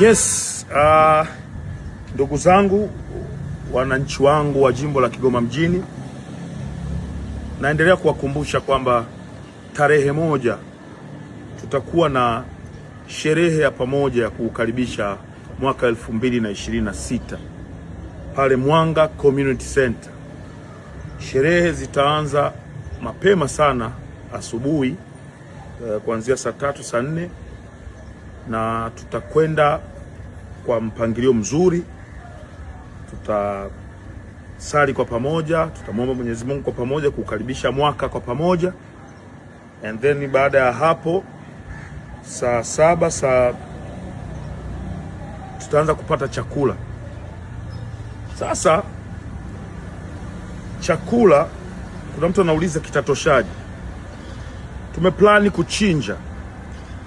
Yes, uh, ndugu zangu wananchi wangu wa jimbo la Kigoma mjini, naendelea kuwakumbusha kwamba tarehe moja tutakuwa na sherehe ya pamoja ya kuukaribisha mwaka 2026 pale Mwanga Community Center. Sherehe zitaanza mapema sana asubuhi, uh, kuanzia saa tatu saa nne na tutakwenda kwa mpangilio mzuri, tutasali kwa pamoja, tutamwomba Mwenyezi Mungu kwa pamoja kuukaribisha mwaka kwa pamoja, and then baada ya hapo saa saba saa tutaanza kupata chakula. Sasa chakula, kuna mtu anauliza kitatoshaje? Tumeplani kuchinja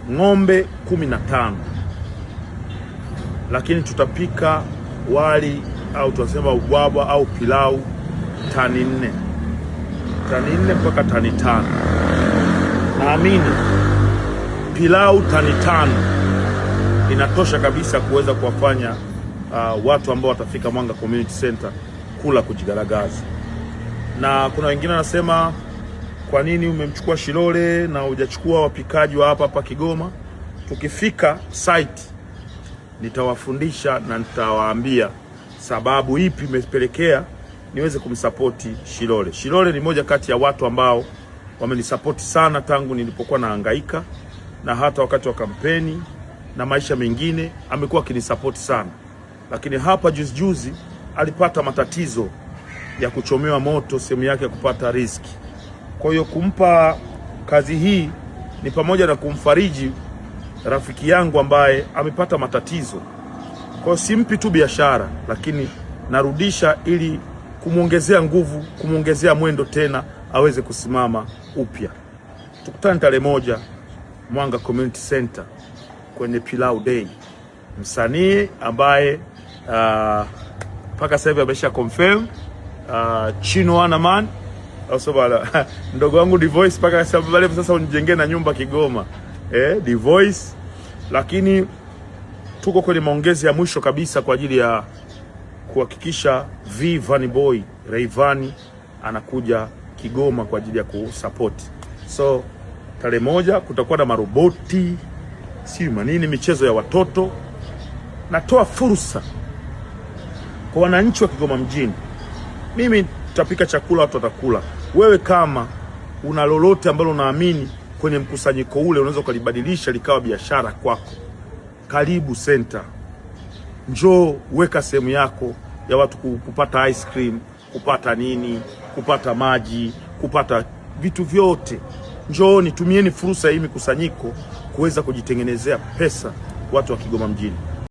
ng'ombe kumi na tano lakini tutapika wali au tunasema ubwabwa au pilau tani nne tani nne mpaka tani tano naamini pilau tani tano inatosha kabisa kuweza kuwafanya uh, watu ambao watafika Mwanga Community Center kula kujigaragaza, na kuna wengine wanasema kwa nini umemchukua Shilole na hujachukua wapikaji wa hapa hapa Kigoma? Tukifika site nitawafundisha na nitawaambia sababu ipi imepelekea niweze kumsapoti Shilole. Shilole ni moja kati ya watu ambao wamenisapoti sana tangu nilipokuwa naangaika na hata wakati wa kampeni na maisha mengine amekuwa akinisapoti sana, lakini hapa juzi juzi alipata matatizo ya kuchomewa moto sehemu yake ya kupata riziki. Kwa hiyo kumpa kazi hii ni pamoja na kumfariji rafiki yangu ambaye amepata matatizo. Kwa hiyo simpi tu biashara, lakini narudisha ili kumwongezea nguvu, kumwongezea mwendo tena aweze kusimama upya. Tukutane tarehe moja Mwanga Community Center kwenye Pilau Day. Msanii ambaye ah, mpaka uh, sasa hivi amesha confirm uh, ah, Chino Anaman sasa ndogo wangu divorce mpaka sababu sasa unijengee na nyumba Kigoma. Eh, divorce. lakini tuko kwenye maongezi ya mwisho kabisa kwa ajili ya kuhakikisha V Van Boy Rayvanny anakuja Kigoma kwa ajili ya kusupport. So tarehe moja kutakuwa na maroboti, si manini, michezo ya watoto. Natoa fursa kwa wananchi wa Kigoma mjini mimi tutapika chakula, watu watakula. Wewe kama una lolote ambalo unaamini kwenye mkusanyiko ule unaweza ukalibadilisha likawa biashara kwako, karibu senta, njoo weka sehemu yako ya watu kupata ice cream, kupata nini, kupata maji, kupata vitu vyote. Njooni, tumieni fursa hii mikusanyiko kuweza kujitengenezea pesa, watu wa Kigoma mjini.